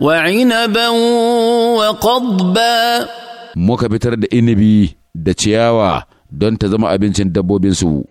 وعنبا وقضبا muka fitar da inabi da ciyawa don ta zama abincin dabbobinsu